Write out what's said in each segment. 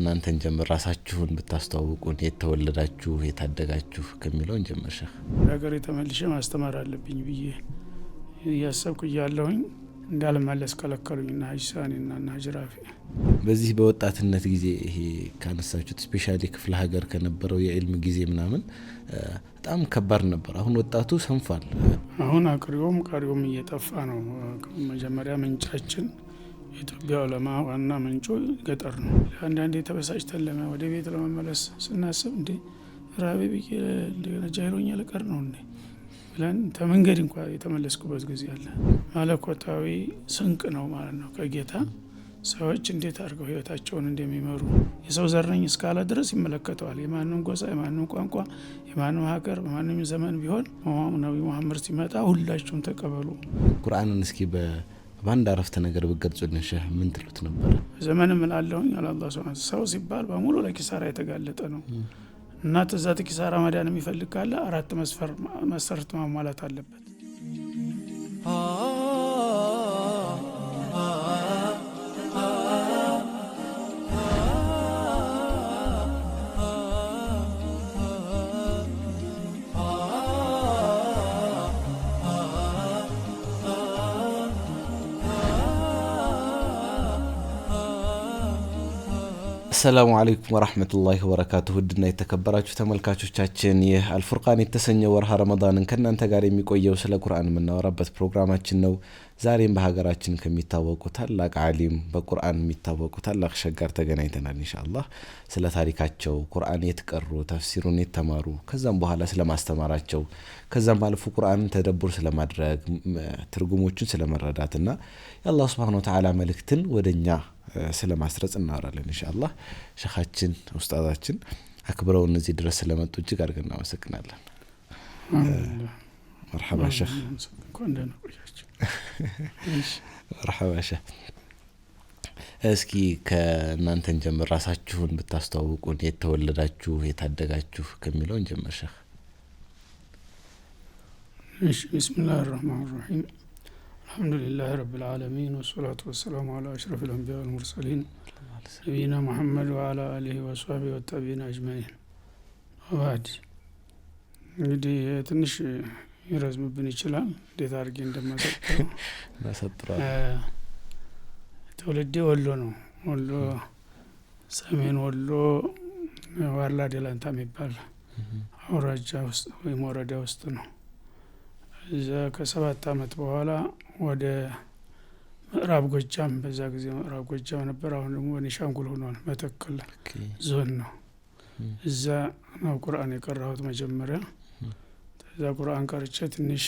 እናንተን ጀምር ራሳችሁን ብታስተዋውቁን የት ተወለዳችሁ የታደጋችሁ ከሚለውን ጀመር ሸህ ሀገር የተመልሸ ማስተማር አለብኝ ብዬ እያሰብኩ እያለሁኝ እንዳልመለስ ከለከሉኝ። ሀጅ ሳኔና ና ሀጅ ራፊ። በዚህ በወጣትነት ጊዜ ይሄ ካነሳችሁት ስፔሻሊ ክፍለ ሀገር ከነበረው የዕልም ጊዜ ምናምን በጣም ከባድ ነበር። አሁን ወጣቱ ሰንፏል። አሁን አቅሪውም ቀሪውም እየጠፋ ነው። መጀመሪያ ምንጫችን የኢትዮጵያ ዑለማ ዋና ምንጩ ገጠር ነው። አንዳንዴ ተበሳጭተን ለመ ወደ ቤት ለመመለስ ስናስብ እንዴ ራቢ ብዬ እንደገና ጃይሮኛ ልቀር ነው እንዴ ብለን ተመንገድ እንኳ የተመለስኩበት ጊዜ አለ። መለኮታዊ ስንቅ ነው ማለት ነው ከጌታ ሰዎች እንዴት አድርገው ህይወታቸውን እንደሚመሩ የሰው ዘረኝ እስካለ ድረስ ይመለከተዋል። የማንም ጎሳ፣ የማንም ቋንቋ፣ የማንም ሀገር በማንም ዘመን ቢሆን ነቢ መሐመድ ሲመጣ ሁላችሁም ተቀበሉ። ቁርአንን እስኪ በአንድ አረፍተ ነገር ብገልጹልኝ ሸህ ምን ትሉት ነበር? ዘመን እምላለሁኝ አላላ ሰው ሲባል በሙሉ ለኪሳራ የተጋለጠ ነው እና ትዛት ኪሳራ መዳን የሚፈልግ ካለ አራት መስፈር መስፈርት ማሟላት አለበት። አሰላሙ አለይኩም ወራህመቱላሂ ወበረካቱ ውድና የተከበራችሁ ተመልካቾቻችን ይህ አልፉርቃን የተሰኘው ወርሃ ረመዳንን ከእናንተ ጋር የሚቆየው ስለ ቁርአን የምናወራበት ፕሮግራማችን ነው። ዛሬም በሀገራችን ከሚታወቁ ታላቅ አሊም በቁርአን የሚታወቁ ታላቅ ሸጋር ተገናኝተናል። እንሻላ ስለ ታሪካቸው ቁርአን የትቀሩ ተፍሲሩን የተማሩ ከዛም በኋላ ስለማስተማራቸው ከዛም ባለፉ ቁርአንን ተደቡር ስለማድረግ ትርጉሞቹን ስለመረዳትና የአላህ ስብሃነ ወተዓላ መልእክትን ወደ እኛ ስለ ማስረጽ እናወራለን እንሻላ ሸኻችን ውስጣታችን አክብረውን እዚህ ድረስ ስለመጡ እጅግ አድርገን እናመሰግናለን። መርሐባ ሸህ ሸህ። እስኪ ከእናንተን ጀምር፣ ራሳችሁን ብታስተዋውቁን፣ የት ተወለዳችሁ፣ የታደጋችሁ ከሚለውን ጀምር ሸህ። እሺ፣ ራህማን الحمد لله رب العالمين والصلاة والسلام على أشرف الأنبياء والمرسلين نبينا محمد وعلى آله وصحبه والتابعين أجمعين وبعد እንግዲህ ትንሽ ይረዝምብን ይችላል። እንዴት አድርጌ እንደማሰጥረው ትውልዴ ወሎ ነው። ወሎ ሰሜን ወሎ ዋላ ደላንታ የሚባል አውራጃ ውስጥ ወይም ወረዳ ውስጥ ነው እዛ ከሰባት አመት በኋላ ወደ ምዕራብ ጎጃም በዛ ጊዜ ምዕራብ ጎጃም ነበር። አሁን ደግሞ ቤኒሻንጉል ሆኗል። መተከል ዞን ነው። እዛ ነው ቁርአን የቀራሁት መጀመሪያ። ከዛ ቁርአን ቀርቼ ትንሽ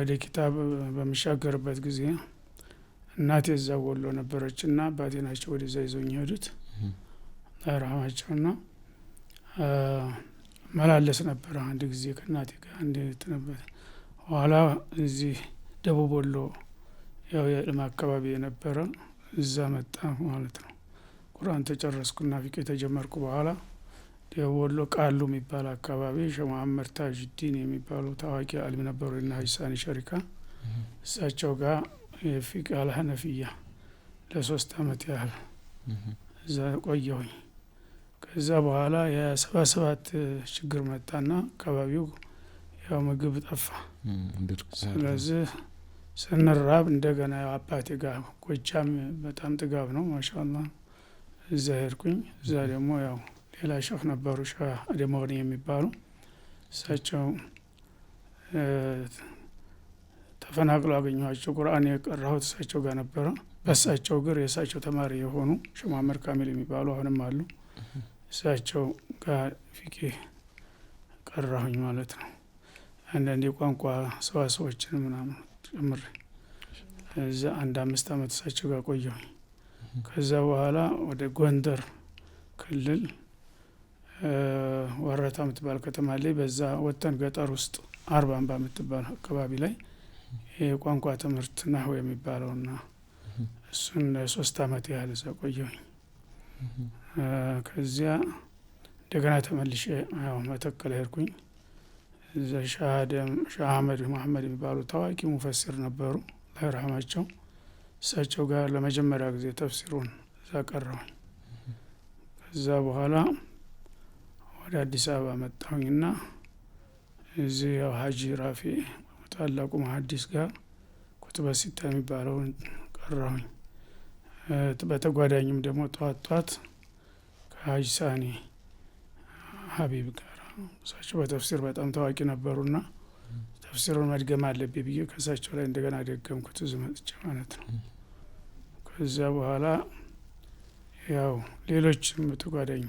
ወደ ኪታብ በምሻገርበት ጊዜ እናቴ እዛ ወሎ ነበረች እና አባቴ ናቸው ወደዛ ይዘው ሄዱት ና መላለስ ነበረ አንድ ጊዜ ከእናቴ ጋር አንድ ነበር ኋላ እዚህ ደቡብ ወሎ ያው የዕልም አካባቢ የነበረ እዛ መጣ ማለት ነው። ቁርአን ተጨረስኩና ፊቅ የተጀመርኩ በኋላ ደቡብ ወሎ ቃሉ የሚባል አካባቢ ሸመሀመድ ታጅዲን የሚባሉ ታዋቂ አሊም ነበሩ ና ሂሳኒ ሸሪካ እሳቸው ጋር የፊቅ አልሀነፊያ ለሶስት አመት ያህል እዛ ቆየሁኝ። ከዛ በኋላ የሰባ ሰባት ችግር መጣና አካባቢው ያው ምግብ ጠፋ። ስለዚህ ስንራብ እንደገና ያው አባቴ ጋር ጎጃም በጣም ጥጋብ ነው ማሻላ። እዛ ሄድኩኝ። እዛ ደግሞ ያው ሌላ ሸህ ነበሩ፣ ሸህ ደመሆን የሚባሉ እሳቸው ተፈናቅሎ አገኘኋቸው። ቁርአን የቀራሁት እሳቸው ጋር ነበረ። በእሳቸው ግር የእሳቸው ተማሪ የሆኑ ሽማመር ካሚል የሚባሉ አሁንም አሉ። እሳቸው ጋር ፊቄ ቀራሁኝ ማለት ነው። አንዳንድ የቋንቋ ሰዋሰዎችን ምናምን ጭምር እዛ አንድ አምስት አመት እሳቸው ጋር ቆየሁኝ። ከዛ በኋላ ወደ ጎንደር ክልል ወረታ የምትባል ከተማ ላይ በዛ ወጥተን ገጠር ውስጥ አርባ አምባ የምትባል አካባቢ ላይ የቋንቋ ትምህርት ናሁ የሚባለውና እሱን ሶስት አመት ያህል እዛ ቆየሁኝ። ከዚያ እንደገና ተመልሼ ያው መተከል ሄድኩኝ። ሻህ አህመድ መሐመድ የሚባሉ ታዋቂ ሙፈሲር ነበሩ። ላይርሃማቸው እሳቸው ጋር ለመጀመሪያ ጊዜ ተፍሲሩን እዛ ቀረሁኝ። ከዛ በኋላ ወደ አዲስ አበባ መጣሁኝ መጣሁኝና እዚህ ያው ሀጂ ራፊ ታላቁ መሀዲስ ጋር ኩቱበ ሲታ የሚባለውን ቀራሁኝ። በተጓዳኝም ደግሞ ጠዋት ጠዋት ከሀጅ ሳኒ ሀቢብ ጋር እሳቸው በተፍሲር በጣም ታዋቂ ነበሩና ተፍሲሩን መድገም አለብኝ ብዬ ከእሳቸው ላይ እንደገና ደገምኩት እዚህ መጥቼ ማለት ነው። ከዚያ በኋላ ያው ሌሎችም ተጓዳኝ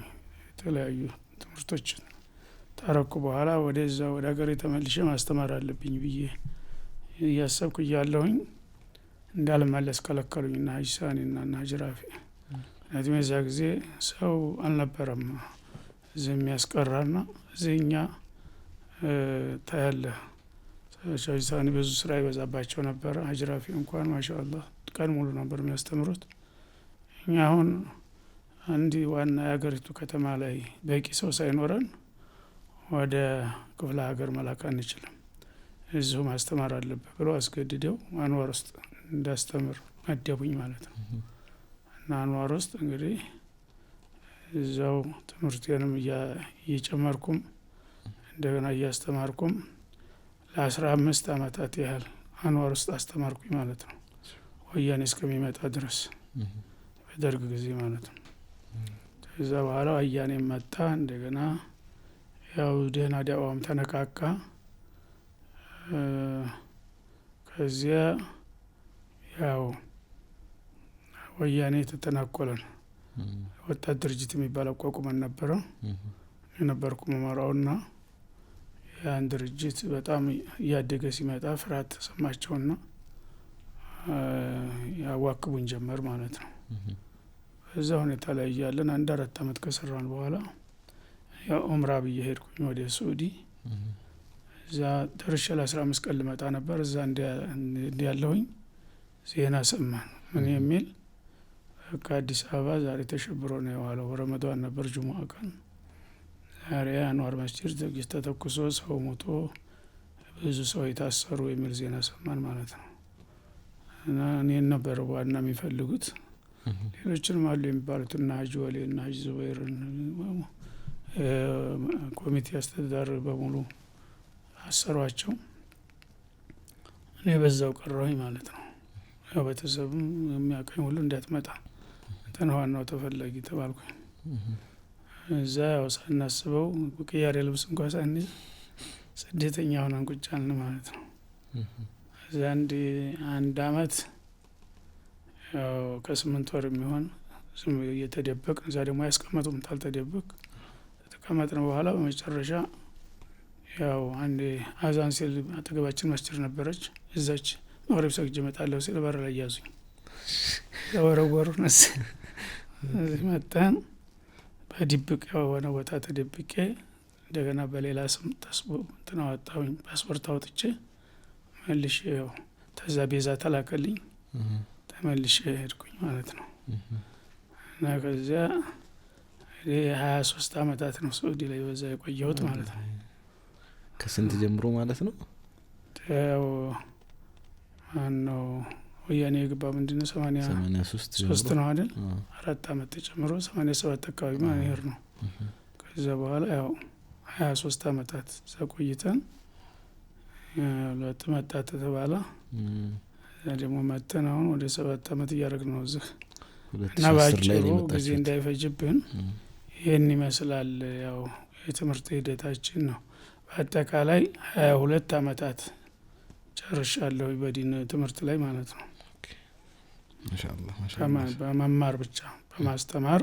የተለያዩ ትምህርቶችን ታረኩ በኋላ ወደዛ ወደ ሀገሬ ተመልሼ ማስተማር አለብኝ ብዬ እያሰብኩ እያለሁኝ እንዳልመለስ ከለከሉኝ። ና ሀጅ ና ና ሀጅ ራፊ ምክንያቱም የዛ ጊዜ ሰው አልነበረም። እዚህ የሚያስቀራና እዚህ እኛ ታያለህ። ብዙ ስራ ይበዛባቸው ነበረ። አጅራፊ እንኳን ማሻአላህ ቀን ሙሉ ነበር የሚያስተምሩት። እኛ አሁን አንድ ዋና የሀገሪቱ ከተማ ላይ በቂ ሰው ሳይኖረን ወደ ክፍለ ሀገር መላክ አንችልም፣ እዚሁ ማስተማር አለብህ ብሎ አስገድደው አንዋር ውስጥ እንዳስተምር መደቡኝ ማለት ነው እና አንዋር ውስጥ እንግዲህ እዛው ትምህርቴንም እየጨመርኩም እንደገና እያስተማርኩም ለአስራ አምስት አመታት ያህል አንዋር ውስጥ አስተማርኩኝ ማለት ነው። ወያኔ እስከሚመጣ ድረስ በደርግ ጊዜ ማለት ነው። ከዛ በኋላ ወያኔ መጣ። እንደገና ያው ደህና ዳዋም ተነቃቃ። ከዚያ ያው ወያኔ ተተናኮለ ነው ወጣት ድርጅት የሚባል አቋቁመን ነበረ። የነበርኩ መመራውና ያን ድርጅት በጣም እያደገ ሲመጣ ፍርሃት ተሰማቸውና ያዋክቡን ጀመር ማለት ነው። በዛ ሁኔታ ላይ እያለን አንድ አራት አመት ከሰራን በኋላ ያው ኦምራ ብዬ ሄድኩኝ ወደ ሱዲ። እዛ ደርሼ ለአስራ አምስት ቀን ልመጣ ነበር። እዛ እንዲያለሁኝ ዜና ሰማን ምን የሚል ከአዲስ አበባ ዛሬ ተሸብሮ ነው የዋለው። ረመዷን ነበር ጅሙዓ ቀን። ዛሬ አንዋር መስጂድ ጥይት ተተኩሶ ሰው ሞቶ ብዙ ሰው የታሰሩ የሚል ዜና ሰማን ማለት ነው። እና እኔን ነበር ዋና የሚፈልጉት ሌሎችንም አሉ የሚባሉት እና ሀጅ ወሌ እና ሀጅ ዙበይርን ኮሚቴ አስተዳደር በሙሉ አሰሯቸው። እኔ በዛው ቀረሁኝ ማለት ነው። ያው ቤተሰብም የሚያቀኝ ሁሉ እንዳትመጣ ተንዋናው ተፈላጊ ተባልኩኝ። እዛ ያው ሳናስበው ቅያሬ ልብስ እንኳ ሳንይዝ ስደተኛ ሆነን ቁጭ አልን ማለት ነው። እዛ አንድ አንድ አመት ያው ከስምንት ወር የሚሆን ዝም እየተደበቅ እዛ ደግሞ አያስቀመጡም ታልተደበቅ ከተቀመጥን በኋላ በመጨረሻ ያው አንድ አዛን ሲል አጠገባችን መስጅድ ነበረች። እዛች መቅረብ ሰግጄ እመጣለሁ ሲል በር ላይ ያዙኝ። የወረወሩ ነስ እዚህ መጠን በድብቅ የሆነ ቦታ ተደብቄ እንደገና በሌላ ስም ተስቦ አወጣሁኝ ፓስፖርት አውጥቼ መልሽ ው ተዛ ቤዛ ተላከልኝ ተመልሽ ሄድኩኝ ማለት ነው። እና ከዚያ ሀያ ሶስት አመታት ነው ሳውዲ ላይ በዛ የቆየሁት ማለት ነው። ከስንት ጀምሮ ማለት ነው ያው ማነው ወያኔ የገባ ምንድነው ሰማኒያ ሶስት ነው አይደል? አራት አመት ተጨምሮ ሰማኒያ ሰባት አካባቢ ማንሄር ነው። ከዛ በኋላ ያው ሀያ ሶስት አመታት ዘቆይተን ቆይተን ሁለት መጣ ተተባለ። እዛ ደግሞ መተን አሁን ወደ ሰባት አመት እያደረግ ነው እዚህ እና በአጭሩ ጊዜ እንዳይፈጅብን ይህን ይመስላል ያው የትምህርት ሂደታችን ነው። በአጠቃላይ ሀያ ሁለት አመታት ጨርሻለሁ በዲን ትምህርት ላይ ማለት ነው። በመማር ብቻ በማስተማር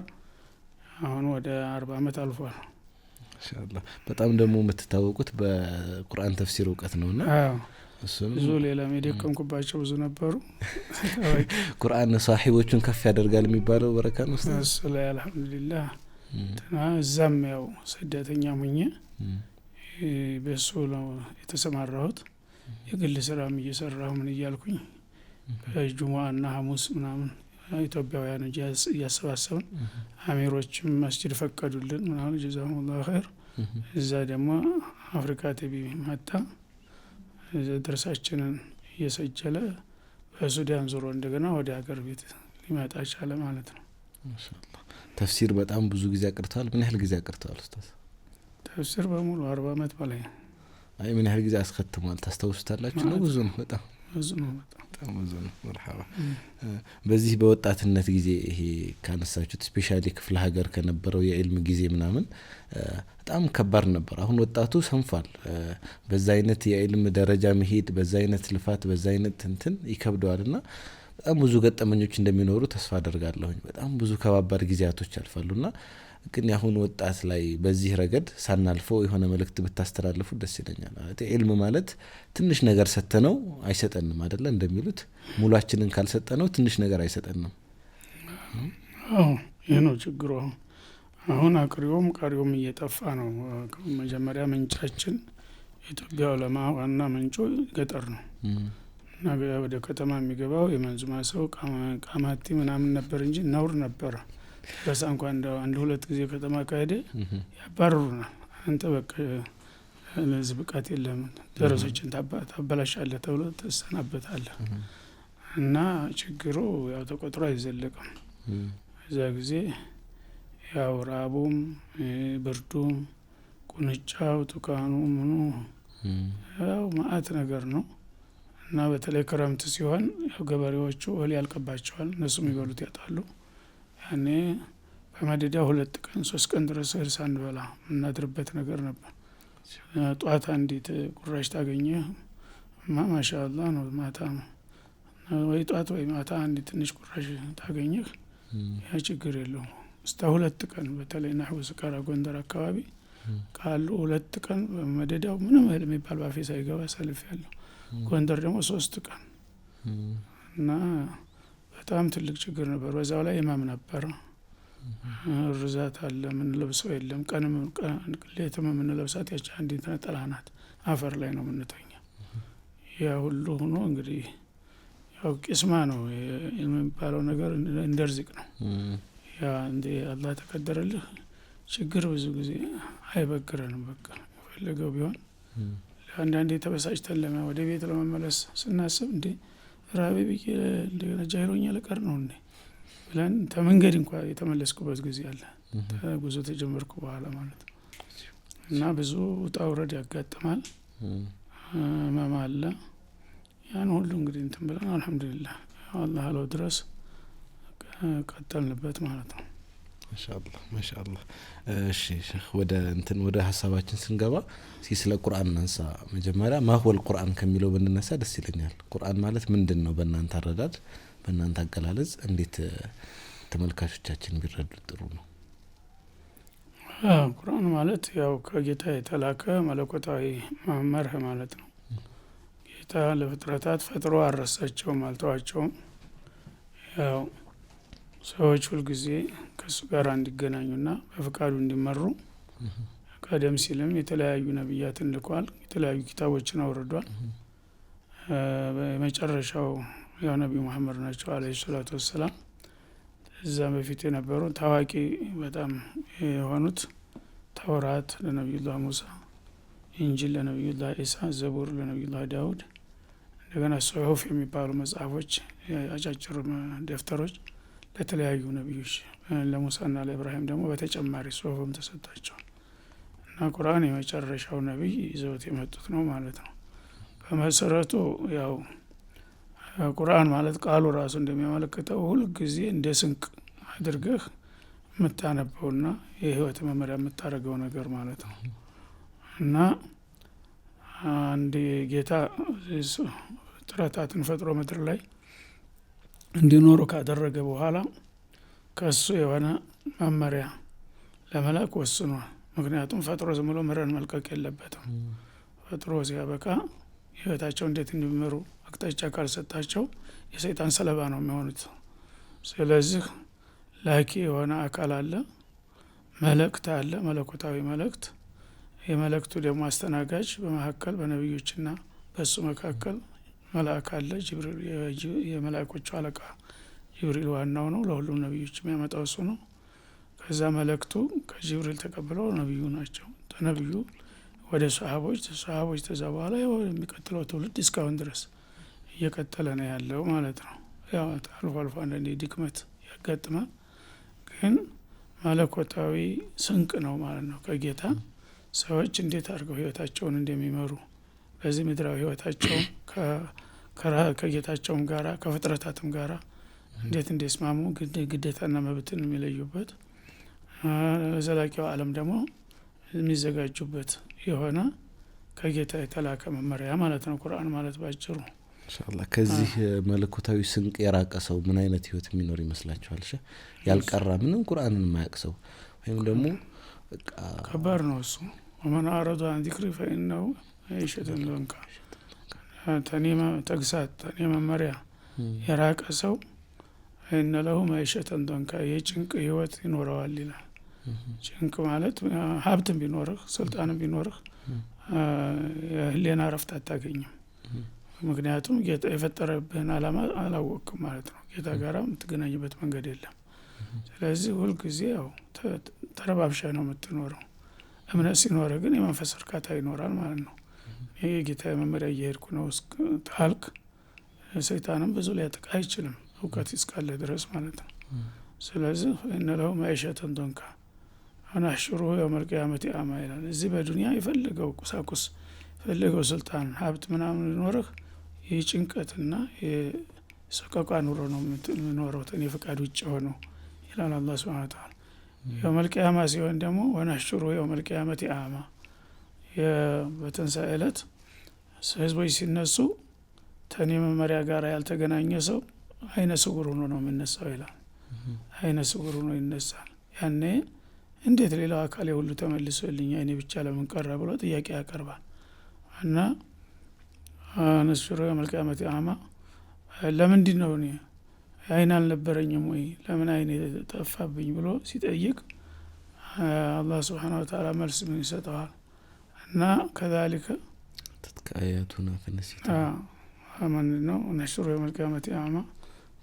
አሁን ወደ አርባ አመት አልፏል። ማሻላ በጣም ደግሞ የምትታወቁት በቁርአን ተፍሲር እውቀት ነውና ብዙ ሌላ የደከምኩባቸው ብዙ ነበሩ። ቁርአን ሳሒቦቹን ከፍ ያደርጋል የሚባለው በረካ ነው። እሱ ላይ አልሐምዱሊላህ እዛም ያው ስደተኛ ሙኜ በሱ ነው የተሰማራሁት። የግል ስራም እየሰራሁ ምን እያልኩኝ ጁሙአ እና ሀሙስ ምናምን ኢትዮጵያውያን እያሰባሰብን አሜሮችም መስጅድ ፈቀዱልን ምናምን ጀዛሁም ላሁ ኸይር። እዛ ደግሞ አፍሪካ ቲቪ መታ ድርሳችንን እየሰጀለ በሱዳን ዞሮ እንደገና ወደ ሀገር ቤት ሊመጣ ቻለ ማለት ነው። ተፍሲር በጣም ብዙ ጊዜ አቅርተዋል። ምን ያህል ጊዜ አቅርተዋል ኡስታዝ? ተፍሲር በሙሉ አርባ አመት በላይ አይ ምን ያህል ጊዜ አስከትሟል ታስታውሱታላችሁ? ነው ብዙ ነው በጣም ብዙ በጣም መርሓባ በዚህ በወጣትነት ጊዜ ይሄ ካነሳችሁት ስፔሻሊ ክፍለ ሀገር ከነበረው የዕልም ጊዜ ምናምን በጣም ከባድ ነበር። አሁን ወጣቱ ሰንፏል። በዛ አይነት የዕልም ደረጃ መሄድ፣ በዛ አይነት ልፋት፣ በዛ አይነት እንትን ይከብደዋል ና በጣም ብዙ ገጠመኞች እንደሚኖሩ ተስፋ አደርጋለሁኝ። በጣም ብዙ ከባባድ ጊዜያቶች ያልፋሉና ግን ያሁን ወጣት ላይ በዚህ ረገድ ሳናልፈው የሆነ መልእክት ብታስተላልፉ ደስ ይለኛል። ኢልም ማለት ትንሽ ነገር ሰተነው አይሰጠንም አይደለ? እንደሚሉት ሙሏችንን ካልሰጠነው ትንሽ ነገር አይሰጠንም። አዎ ይህ ነው ችግሩ። አሁን አቅሪውም ቀሪውም እየጠፋ ነው። መጀመሪያ ምንጫችን የኢትዮጵያ ዑለማ ዋና ምንጩ ገጠር ነው እና ወደ ከተማ የሚገባው የመንዝማ ሰው ቃማቲ ምናምን ነበር እንጂ ነውር ነበረ። በሳ እንደ አንድ ሁለት ጊዜ ከተማ ካሄደ ያባርሩናል። አንተ በቃ ለዚህ ብቃት የለም ደረሶችን ታበላሻለህ ተብሎ ትሰናበታለህ። እና ችግሩ ያው ተቆጥሮ አይዘለቅም። እዛ ጊዜ ያው ራቡም፣ ብርዱም፣ ቁንጫው፣ ቱካኑ ምኑ ያው ማአት ነገር ነው እና በተለይ ክረምት ሲሆን ያው ገበሬዎቹ እህል ያልቀባቸዋል እነሱ የሚበሉት ያጣሉ። እኔ በመደዳ ሁለት ቀን ሶስት ቀን ድረስ እህል ሳንበላ የምናድርበት ነገር ነበር። ጠዋት አንዲት ቁራሽ ታገኘ እማ ማሻአላ ነው። ማታ ወይ ጠዋት ወይ ማታ አንድ ትንሽ ቁራሽ ታገኘህ፣ ያ ችግር የለውም። እስከ ሁለት ቀን በተለይ ናሕቡ ስቃራ ጎንደር አካባቢ ካሉ ሁለት ቀን በመደዳው ምንም እህል የሚባል ባፌ ሳይገባ ሰልፍ ያለው ጎንደር ደግሞ ሶስት ቀን እና በጣም ትልቅ ችግር ነበር። በዛው ላይ ህመም ነበር፣ ርዛት አለ፣ የምንለብሰው የለም። ቀንም ሌትም የምንለብሳት ያች አንዲት ነጠላ ናት፣ አፈር ላይ ነው የምንተኛ። ያ ሁሉ ሆኖ እንግዲህ ያው ቂስማ ነው የሚባለው ነገር እንደርዚቅ ነው። ያ እንደ አላህ ተቀደረልህ ችግር ብዙ ጊዜ አይበግረንም። በቃ የፈለገው ቢሆን አንዳንዴ ተበሳጭተን ለማ ወደ ቤት ለመመለስ ስናስብ እንዴ ራቤ ብዬ እንደገና ጃይሮኛ ለቀር ነው እንዴ ብለን ተመንገድ እንኳ የተመለስኩበት ጊዜ አለ። ጉዞ ተጀመርኩ በኋላ ማለት ነው። እና ብዙ ውጣ ውረድ ያጋጥማል፣ ህመም አለ። ያን ሁሉ እንግዲህ እንትን ብለን አልሐምዱሊላህ አላህ አለው ድረስ ቀጠልንበት ማለት ነው። ማሻአላ ማሻአላ። እሺ ወደ እንትን ወደ ሀሳባችን ስንገባ እስኪ ስለ ቁርአን እናንሳ። መጀመሪያ ማህወል ቁርአን ከሚለው ብንነሳ ደስ ይለኛል። ቁርአን ማለት ምንድን ነው? በእናንተ አረዳድ፣ በእናንተ አገላለጽ እንዴት ተመልካቾቻችን ቢረዱት ጥሩ ነው? ቁርአን ማለት ያው ከጌታ የተላከ መለኮታዊ መርህ ማለት ነው። ጌታ ለፍጥረታት ፈጥሮ አልረሳቸውም፣ አልተዋቸውም። ያው ሰዎች ሁልጊዜ ከእሱ ጋር እንዲገናኙና በፍቃዱ እንዲመሩ ቀደም ሲልም የተለያዩ ነቢያትን ልኳል። የተለያዩ ኪታቦችን አውርዷል። የመጨረሻው ያው ነቢዩ መሐመድ ናቸው አለ ሰላቱ ወሰላም። እዛ በፊት የነበሩ ታዋቂ በጣም የሆኑት ተውራት ለነቢዩላህ ሙሳ፣ እንጅል ለነቢዩላህ ኢሳ፣ ዘቡር ለነቢዩላህ ዳውድ፣ እንደገና ጽሑፍ የሚባሉ መጽሐፎች፣ አጫጭር ደብተሮች ለተለያዩ ነቢዮች ለሙሳና ለእብራሂም ደግሞ በተጨማሪ ጽሁፍም ተሰጥቷቸዋል እና ቁርአን የመጨረሻው ነቢይ ይዘውት የመጡት ነው ማለት ነው። በመሰረቱ ያው ቁርአን ማለት ቃሉ ራሱ እንደሚያመለክተው ሁልጊዜ እንደ ስንቅ አድርገህ የምታነበውና የህይወት መመሪያ የምታደርገው ነገር ማለት ነው እና አንድ ጌታ ጥረታትን ፈጥሮ ምድር ላይ እንዲኖሩ ካደረገ በኋላ ከእሱ የሆነ መመሪያ ለመላክ ወስኗል። ምክንያቱም ፈጥሮ ዝም ብሎ ምረን መልቀቅ የለበትም። ፈጥሮ ሲያበቃ ህይወታቸው እንዴት እንደሚመሩ አቅጣጫ ካልሰጣቸው የሰይጣን ሰለባ ነው የሚሆኑት። ስለዚህ ላኪ የሆነ አካል አለ፣ መልእክት አለ፣ መለኮታዊ መልእክት። የመልእክቱ ደግሞ አስተናጋጅ በመካከል በነቢዮችና በእሱ መካከል መልአክ አለ። የመላእኮቹ አለቃ ጅብሪል ዋናው ነው። ለሁሉም ነቢዮች የሚያመጣው እሱ ነው። ከዛ መልእክቱ ከጅብሪል ተቀብለው ነቢዩ ናቸው ተነቢዩ ወደ ሰሀቦች ሰሀቦች ተዛ በኋላ የሚቀጥለው ትውልድ እስካሁን ድረስ እየቀጠለ ነው ያለው ማለት ነው። ያው አልፎ አልፎ አንዳንዴ ድክመት ያጋጥማል፣ ግን መለኮታዊ ስንቅ ነው ማለት ነው ከጌታ ሰዎች እንዴት አድርገው ህይወታቸውን እንደሚመሩ በዚህ ምድራዊ ህይወታቸው። ከጌታቸውም ጋራ ከፍጥረታትም ጋራ እንዴት እንደስማሙ ግዴታና መብትን የሚለዩበት ዘላቂው ዓለም ደግሞ የሚዘጋጁበት የሆነ ከጌታ የተላከ መመሪያ ማለት ነው። ቁርአን ማለት ባጭሩ እንሻላ ከዚህ መለኮታዊ ስንቅ የራቀ ሰው ምን አይነት ህይወት የሚኖር ይመስላችኋል? ሸ ያልቀራ ምንም ቁርአንን የማያውቅ ሰው ወይም ደግሞ ከባድ ነው እሱ ወመን አረዱ አን ዚክሪ ፈኢነሁ ዒሸተን ዘንካ ተግሳት ተኔ መመሪያ የራቀ ሰው አይነ ለሁ ተንካ ዶንካ ጭንቅ ህይወት ይኖረዋል ይላል። ጭንቅ ማለት ሀብትም ቢኖርህ ስልጣንም ቢኖርህ የህሊና ረፍት አታገኝም። ምክንያቱም ጌታ የፈጠረብህን አላማ አላወቅም ማለት ነው። ጌታ ጋራ የምትገናኝበት መንገድ የለም። ስለዚህ ሁልጊዜ ያው ተረባብሻ ነው የምትኖረው። እምነት ሲኖረ ግን የመንፈስ እርካታ ይኖራል ማለት ነው። ይህ የጌታ መመሪያ እየሄድኩ ነው ካልክ ሰይጣንም ብዙ ሊያጠቃ አይችልም፣ እውቀት እስካለ ድረስ ማለት ነው። ስለዚህ እንለው ማይሸተን ዶንካ አናሽሩ ያመት አማ ይላል። እዚህ በዱኒያ የፈለገው ቁሳቁስ የፈለገው ስልጣን፣ ሀብት ምናምን ሊኖርህ ይህ ጭንቀትና የሰቀቋ ኑሮ ነው የምኖረው ተኔ ፈቃድ ውጭ ሆነው ይላል አላ ስብን ታላ የመልቅያማ ሲሆን ደግሞ ወናሽሩ የመልቅያመት አማ በተንሳ እለት ህዝቦች ሲነሱ ተኔ መመሪያ ጋር ያልተገናኘ ሰው አይነ ስጉር ሆኖ ነው የምነሳው ይላል። አይነ ስጉር ሆኖ ይነሳል። ያኔ እንዴት ሌላው አካል የሁሉ ተመልሶልኝ አይኔ ብቻ ለምንቀረ ብሎ ጥያቄ ያቀርባል እና ንስሩ የመልቅያመት አማ ለምንድን ነው እኔ አይን አልነበረኝም ወይ ለምን አይን ጠፋብኝ ብሎ ሲጠይቅ አላህ ስብን ወተዓላ መልስ ምን ይሰጠዋል እና ከዛሊከ ተትከአያቱና ፈነሲት ምንድን ነው ነሽሩ የመልቅያመት አዕማ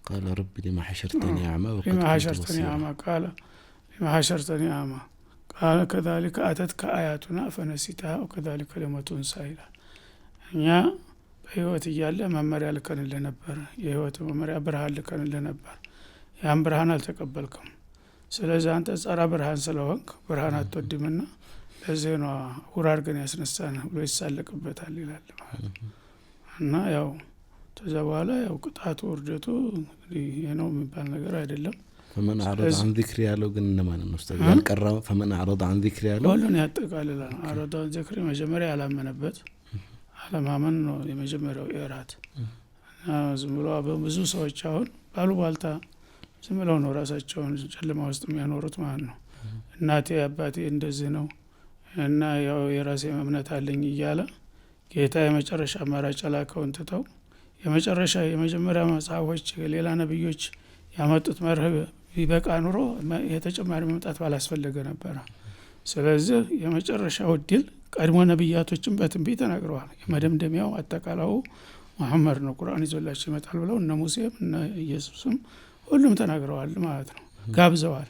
ቃለ ረቢ ሊማ ሐሸርተኒ አዕማ ሊማ ሐሸርተኒ አዕማ ቃለ ሊማ ሐሸርተኒ አዕማ ቃለ ከዛሊከ አተትከ አያቱና ፈነሲትሃ ወከዛሊከ ሊማ ቱንሳ ይላል እኛ በህይወት እያለ መመሪያ ልከንልህ ነበር የህይወት መመሪያ ብርሃን ልከንልህ ነበር ያን ብርሃን አልተቀበልክም ስለዚህ አንተ ጸረ ብርሃን ስለሆንክ ብርሃን አትወድምና ለዚህ ነው እውር አድርገን ያስነሳን ብሎ ይሳለቅበታል ይላል እና ያው ከዛ በኋላ ያው ቅጣቱ ውርደቱ ይህ ነው የሚባል ነገር አይደለም። ፈመን አረድ አን ዚክሪ ያለው ግን እነማን ነው? ስታ ያልቀራው ፈመን አረድ አን ዚክሪ ያለው ሁሉን ያጠቃልላል። አረድ አን ዚክሪ መጀመሪያ ያላመነበት አለማመን ነው የመጀመሪያው ኢራት። ዝም ብሎ ብዙ ሰዎች አሁን ባሉ ባልታ ዝም ብለው ነው ራሳቸውን ጨለማ ውስጥ የሚያኖሩት ማለት ነው። እናቴ አባቴ እንደዚህ ነው እና ያው የራሴ እምነት አለኝ እያለ ጌታ የመጨረሻ አማራጭ ላከውን ትተው የመጨረሻ የመጀመሪያ መጽሐፎች ሌላ ነቢዮች ያመጡት መርህ ቢበቃ ኑሮ የተጨማሪ መምጣት ባላስፈለገ ነበረ። ስለዚህ የመጨረሻው እድል ቀድሞ ነቢያቶችን በትንቢት ተናግረዋል። የመደምደሚያው አጠቃላዩ መሐመድ ነው፣ ቁርአን ይዞላቸው ይመጣል ብለው እነ ሙሴም እነ ኢየሱስም ሁሉም ተናግረዋል ማለት ነው፣ ጋብዘዋል።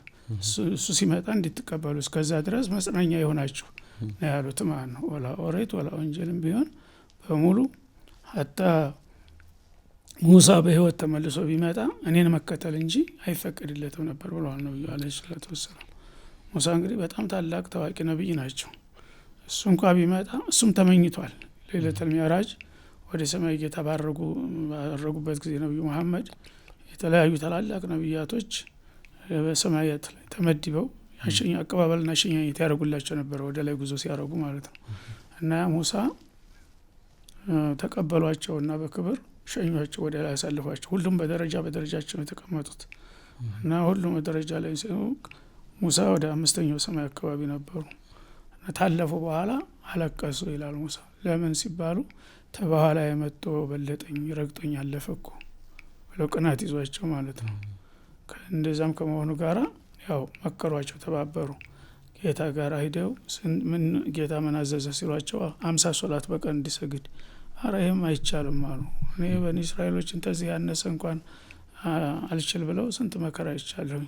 እሱ ሲመጣ እንድትቀበሉ እስከዛ ድረስ መጽናኛ የሆናችሁ ነው ያሉት ማለት ነው። ወላ ኦሬት ወላ ወንጀልም ቢሆን በሙሉ ሀታ ሙሳ በህይወት ተመልሶ ቢመጣ እኔን መከተል እንጂ አይፈቀድለትም ነበር ብለዋል ነብዩ አለ ሰላት ወሰላም። ሙሳ እንግዲህ በጣም ታላቅ ታዋቂ ነብይ ናቸው። እሱ እንኳ ቢመጣ እሱም ተመኝቷል። ሌለተል ሚዕራጅ ወደ ሰማይ ጌታ ባረጉበት ጊዜ ነብዩ መሀመድ የተለያዩ ታላላቅ ነብያቶች በሰማያት ላይ ተመድበው አቀባበልና አሸኛኘት ያደርጉላቸው ነበረ ወደ ላይ ጉዞ ሲያደርጉ ማለት ነው። እና ሙሳ ተቀበሏቸውና በክብር ሸኟቸው፣ ወደ ላይ ያሳልፏቸው። ሁሉም በደረጃ በደረጃቸው የተቀመጡት እና ሁሉም በደረጃ ላይ ሙሳ ወደ አምስተኛው ሰማይ አካባቢ ነበሩ። ታለፉ በኋላ አለቀሱ ይላል ሙሳ። ለምን ሲባሉ ተበኋላ የመጦ በለጠኝ ረግጦኝ አለፈ እኮ ብለው ቅናት ይዟቸው ማለት ነው። እንደዛም ከመሆኑ ጋራ ያው መከሯቸው፣ ተባበሩ። ጌታ ጋር ሂደው ምን ጌታ ምን አዘዘ ሲሏቸው አምሳ ሶላት በቀን እንዲሰግድ አረ ይህም አይቻልም አሉ። እኔ በኒ እስራኤሎች እንተዚህ ያነሰ እንኳን አልችል ብለው ስንት መከራ አይቻለሁኝ።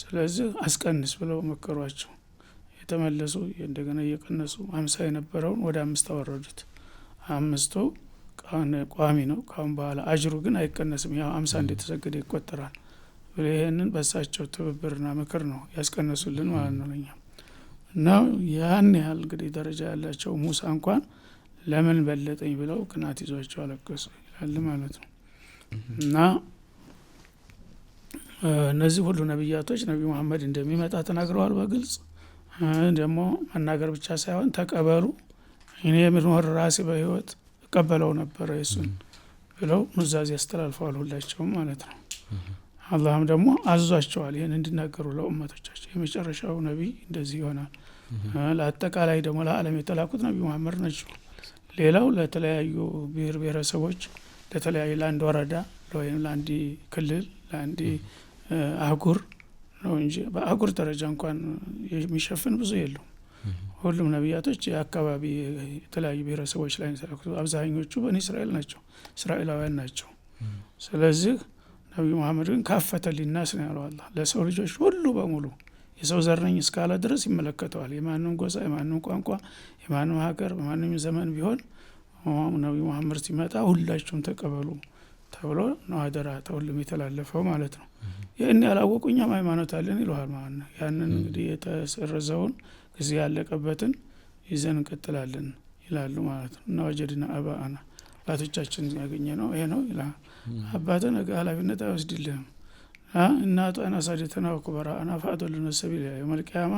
ስለዚህ አስቀንስ ብለው መከሯቸው የተመለሱ እንደገና እየቀነሱ አምሳ የነበረውን ወደ አምስት አወረዱት። አምስቱ ቋሚ ነው። ካሁን በኋላ አጅሩ ግን አይቀነስም። ያው አምሳ እንደተሰገደ ይቆጠራል። ይህንን በሳቸው ትብብርና ምክር ነው ያስቀነሱልን ማለት ነው ለኛ እና ያን ያህል እንግዲህ ደረጃ ያላቸው ሙሳ እንኳን ለምን በለጠኝ ብለው ቅናት ይዟቸው አለቀሱ ይላል ማለት ነው እና እነዚህ ሁሉ ነቢያቶች ነቢዩ መሀመድ እንደሚመጣ ተናግረዋል በግልጽ ደግሞ መናገር ብቻ ሳይሆን ተቀበሉ እኔ የምኖር ራሴ በህይወት እቀበለው ነበረ የሱን ብለው ኑዛዜ ያስተላልፈዋል ሁላቸውም ማለት ነው አላህም ደግሞ አዟቸዋል ይህን እንዲናገሩ ለኡመቶቻቸው። የመጨረሻው ነቢይ እንደዚህ ይሆናል። ለአጠቃላይ ደግሞ ለአለም የተላኩት ነቢ መሀመድ ናቸው። ሌላው ለተለያዩ ብሄር ብሔረሰቦች ለተለያዩ ለአንድ ወረዳ ወይም ለአንድ ክልል ለአንድ አህጉር ነው እንጂ በአህጉር ደረጃ እንኳን የሚሸፍን ብዙ የለውም። ሁሉም ነቢያቶች የአካባቢ የተለያዩ ብሄረሰቦች ላይ አብዛኞቹ በእኔ እስራኤል ናቸው፣ እስራኤላውያን ናቸው። ስለዚህ ነቢ ግን ካፈተ ሊናስ ነው ያለው አላ ለሰው ልጆች ሁሉ በሙሉ የሰው ዘረኝ እስካለ ድረስ ይመለከተዋል። የማንም ጎሳ፣ የማንም ቋንቋ፣ የማንም ሀገር፣ በማንም ዘመን ቢሆን ነቢ መሐመድ ሲመጣ ሁላችሁም ተቀበሉ ተብሎ ነው አደራ ተሁሉም የተላለፈው ማለት ነው። ይህን ያላወቁ እኛም ሃይማኖት አለን ይለዋል ማለት ነው። ያንን እንግዲህ የተሰረዘውን ጊዜ ያለቀበትን ይዘን እንቀጥላለን ይላሉ ማለት ነው። እና ወጀድና አባአና አባቶቻችን ያገኘ ነው ይሄ ነው ይላል። ነገ ኃላፊነት አይወስድልህም። እናቱ አናሳደተና ኩበራ አናፋቶ ልነሰብ ይል የመልቅያማ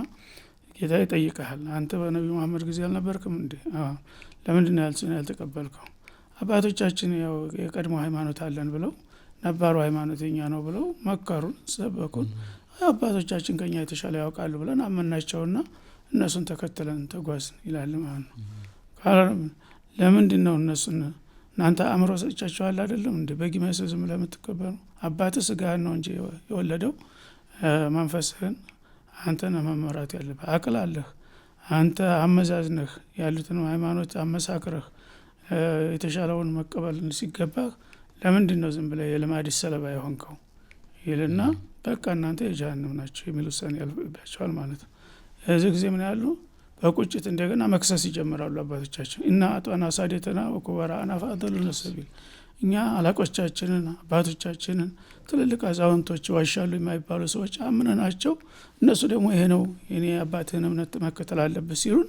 ጌታ ይጠይቀሃል። አንተ በነቢዩ መሀመድ ጊዜ አልነበርክም እንዴ? ለምንድን ያል ያልተቀበልከው? አባቶቻችን ያው የቀድሞ ሃይማኖት አለን ብለው ነባሩ ሃይማኖት የኛ ነው ብለው መከሩን፣ ሰበኩን። አባቶቻችን ከኛ የተሻለ ያውቃሉ ብለን አመናቸውና እነሱን ተከትለን ተጓዝን ይላል ማለት ነው። ለምንድን ነው እነሱን እናንተ አእምሮ ሰጥቻችኋል አይደለም እንደ በጊ መስል ዝም ለምትከበሩ አባት ስጋህን ነው እንጂ የወለደው መንፈስህን አንተ ነ መመራት ያለብህ። አቅል አለህ አንተ አመዛዝነህ ያሉትን ሃይማኖት አመሳክረህ የተሻለውን መቀበል ሲገባህ ለምንድን ነው ዝም ብለህ የልማድ ሰለባ የሆንከው? ይልና በቃ እናንተ የጀሃንም ናቸው የሚል ውሳኔ ማለት ነው። እዚህ ጊዜ ምን ያሉ በቁጭት እንደገና መክሰስ ይጀምራሉ አባቶቻችን እና አጧና ሳዴተና ወኩበራ አናፋ ሰቢል እኛ አላቆቻችንን አባቶቻችንን ትልልቅ አዛውንቶች ዋሻሉ የማይባሉ ሰዎች አምነ ናቸው እነሱ ደግሞ ይሄ ነው የኔ አባትህን እምነት መከተል አለብህ ሲሉን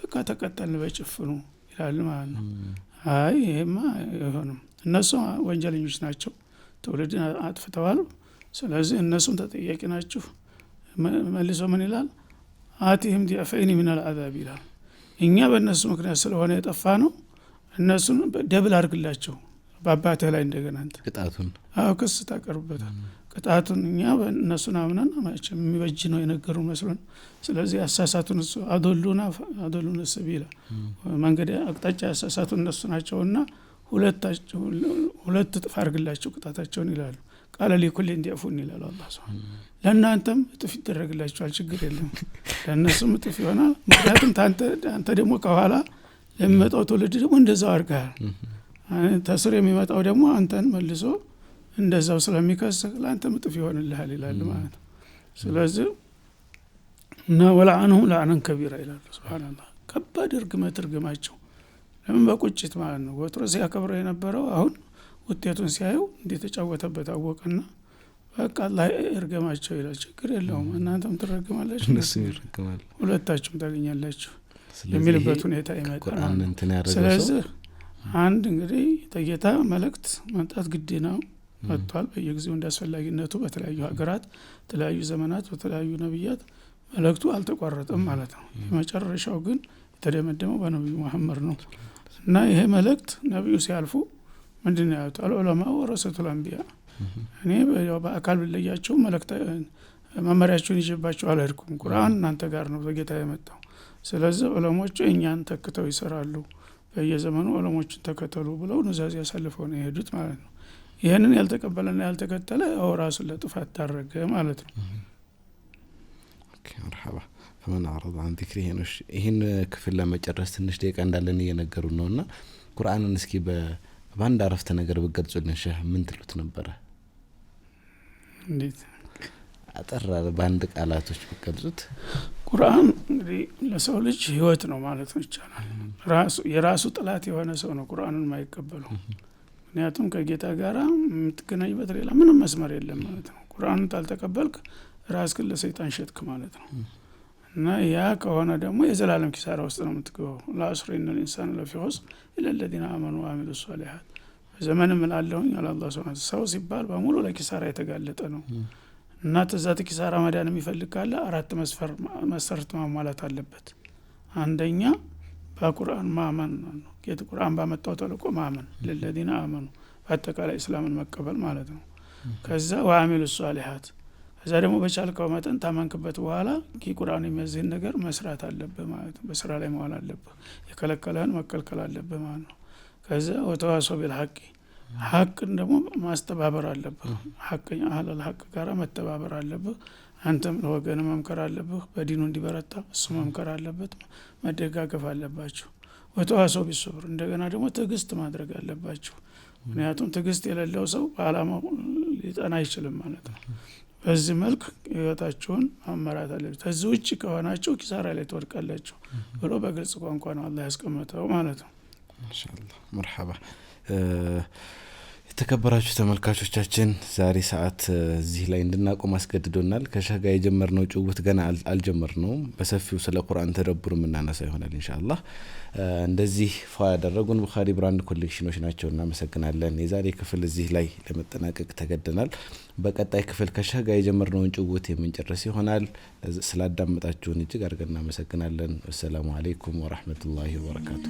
በቃ ተቀጠልን በጭፍኑ ይላል ማለት ነው። አይ ይሄማ አይሆንም፣ እነሱ ወንጀለኞች ናቸው፣ ትውልድን አጥፍተዋል። ስለዚህ እነሱም ተጠያቂ ናችሁ። መልሶ ምን ይላል? አቲህም ዲዕፈይኒ ሚነል አዛብ ይላል። እኛ በእነሱ ምክንያት ስለሆነ የጠፋ ነው እነሱን ደብል አድርግላቸው በአባትህ ላይ እንደገና አንተ ቅጣቱን አዎ ክስ ታቀርብበታል። ቅጣቱን እኛ እነሱን አምነን ማቸም የሚበጅ ነው የነገሩ መስሎን፣ ስለዚህ ያሳሳቱን እሱ አዶሉና አዶሉን ሰቢላ መንገድ አቅጣጫ ያሳሳቱን እነሱ ናቸውና ሁለት ጥፍ አድርግላቸው ቅጣታቸውን ይላሉ። ቃለ ሊኩል እንዲያፉን ይላል አላህ ስብሐ ለእናንተም እጥፍ ይደረግላችኋል፣ ችግር የለም። ለእነሱም እጥፍ ይሆናል። ምክንያቱም አንተ ደግሞ ከኋላ ለሚመጣው ትውልድ ደግሞ እንደዛው አድርገሃል። ተስር የሚመጣው ደግሞ አንተን መልሶ እንደዛው ስለሚከስ ለአንተ ምጥፍ ይሆንልሃል ይላል ማለት ነው። ስለዚህ እና ወላአንሁም ለአነን ከቢራ ይላሉ። ሱብሓነላህ ከባድ እርግመት እርግማቸው ለምን በቁጭት ማለት ነው። ወትሮ ሲያከብረው የነበረው አሁን ውጤቱን ሲያዩ እንደተጫወተበት አወቀና በቃ ላይ እርገማቸው ይላል። ችግር የለውም እናንተም ትረግማላችሁ፣ ሁለታችሁም ታገኛላችሁ የሚልበት ሁኔታ ይመጣል። ስለዚህ አንድ እንግዲህ ተጌታ መልእክት መምጣት ግድ ነው መጥቷል። በየጊዜው አስፈላጊነቱ በተለያዩ ሀገራት፣ በተለያዩ ዘመናት፣ በተለያዩ ነቢያት መልእክቱ አልተቋረጠም ማለት ነው። የመጨረሻው ግን የተደመደመው በነቢዩ መሀመድ ነው እና ይሄ መልእክት ነቢዩ ሲያልፉ ምንድን ነው ያሉት? አልዑለማ ወረሰቱ አንቢያ። እኔ በአካል ብለያቸው መለክተ መመሪያቸውን ይዤባቸው አልሄድኩም። ቁርአን እናንተ ጋር ነው በጌታ የመጣው። ስለዚህ ዑለሞቹ እኛን ተክተው ይሰራሉ፣ በየዘመኑ ዑለሞቹን ተከተሉ ብለው ኑዛዜ ያሳልፈው ነው የሄዱት ማለት ነው። ይህንን ያልተቀበለና ያልተከተለ ያው ራሱን ለጥፋት ታረገ ማለት ነው። መርሐባ ፈመን አዕረደ አን ዚክሪ ይህን ክፍል ለመጨረስ ትንሽ ደቂቃ እንዳለን እየነገሩ ነው እና ቁርአንን እስኪ በአንድ አረፍተ ነገር ብገልጹልን ሸህ ምን ትሉት ነበረ? እንዴት አጠራ በአንድ ቃላቶች ብገልጹት። ቁርአን እንግዲህ ለሰው ልጅ ህይወት ነው ማለት ይቻላል። የራሱ ጥላት የሆነ ሰው ነው ቁርአንን የማይቀበለው። ምክንያቱም ከጌታ ጋር የምትገናኝበት ሌላ ምንም መስመር የለም ማለት ነው። ቁርአንን ታልተቀበልክ ራስክን ለሰይጣን ሸጥክ ማለት ነው። እና ያ ከሆነ ደግሞ የዘላለም ኪሳራ ውስጥ ነው የምትገበው። ለአስሪነ ልኢንሳን ለፊሆስ ኹስር አመኑ አሚሉ ሷሊሓት ዘመን ምላለሁኝ አለ አላህ ሱብሓነሁ ሰው ሲባል በሙሉ ለኪሳራ የተጋለጠ ነው እና ተዛት ኪሳራ መዳን የሚፈልግ ካለ አራት መሰረት ማሟላት አለበት። አንደኛ በቁርአን ማመን ነው። ቁርአን ባመጣው ተልእኮ ማመን ለለዚነ አመኑ በአጠቃላይ እስላምን መቀበል ማለት ነው። ከዛ ወአሚሉ ሷሊሓት ከዛ ደግሞ በቻልከው መጠን ታመንክበት በኋላ ቁርአን የሚያዝህን ነገር መስራት አለብህ ማለት ነው። በስራ ላይ መዋል አለብህ። የከለከለህን መከልከል አለብህ ማለት ነው። ከዚያ ወተዋሶ ቢልሀቂ ሀቅን ደግሞ ማስተባበር አለብህ። አህለል ሀቅ ጋር መተባበር አለብህ። አንተም ለወገን መምከር አለብህ። በዲኑ እንዲበረታ እሱ መምከር አለበት። መደጋገፍ አለባችሁ። ወተዋሶ ቢሶብር እንደገና ደግሞ ትዕግስት ማድረግ አለባችሁ። ምክንያቱም ትዕግስት የሌለው ሰው በአላማው ሊጠና አይችልም ማለት ነው። በዚህ መልክ ህይወታችሁን መመራት አለች። ከዚህ ውጭ ከሆናችሁ ኪሳራ ላይ ትወድቃላችሁ ብሎ በግልጽ ቋንቋ ነው አላ ያስቀመጠው ማለት ነው። ማሻአላህ የተከበራችሁ ተመልካቾቻችን ዛሬ ሰዓት እዚህ ላይ እንድናቆም አስገድዶናል። ከሸህ ጋር የጀመርነው ጭውውት ገና አልጀመርነውም። በሰፊው ስለ ቁርአን ተደብሩ የምናነሳ ይሆናል ኢንሻአላህ። እንደዚህ ፏ ያደረጉን ቡኻሪ ብራንድ ኮሌክሽኖች ናቸው። እናመሰግናለን። የዛሬ ክፍል እዚህ ላይ ለመጠናቀቅ ተገደናል። በቀጣይ ክፍል ከሸህ ጋር የጀመርነውን ጭውውት የምንጨርስ ይሆናል። ስላዳመጣችሁን እጅግ አድርገን እናመሰግናለን። ወሰላሙ አሌይኩም ወረህመቱላሂ ወበረካቱ።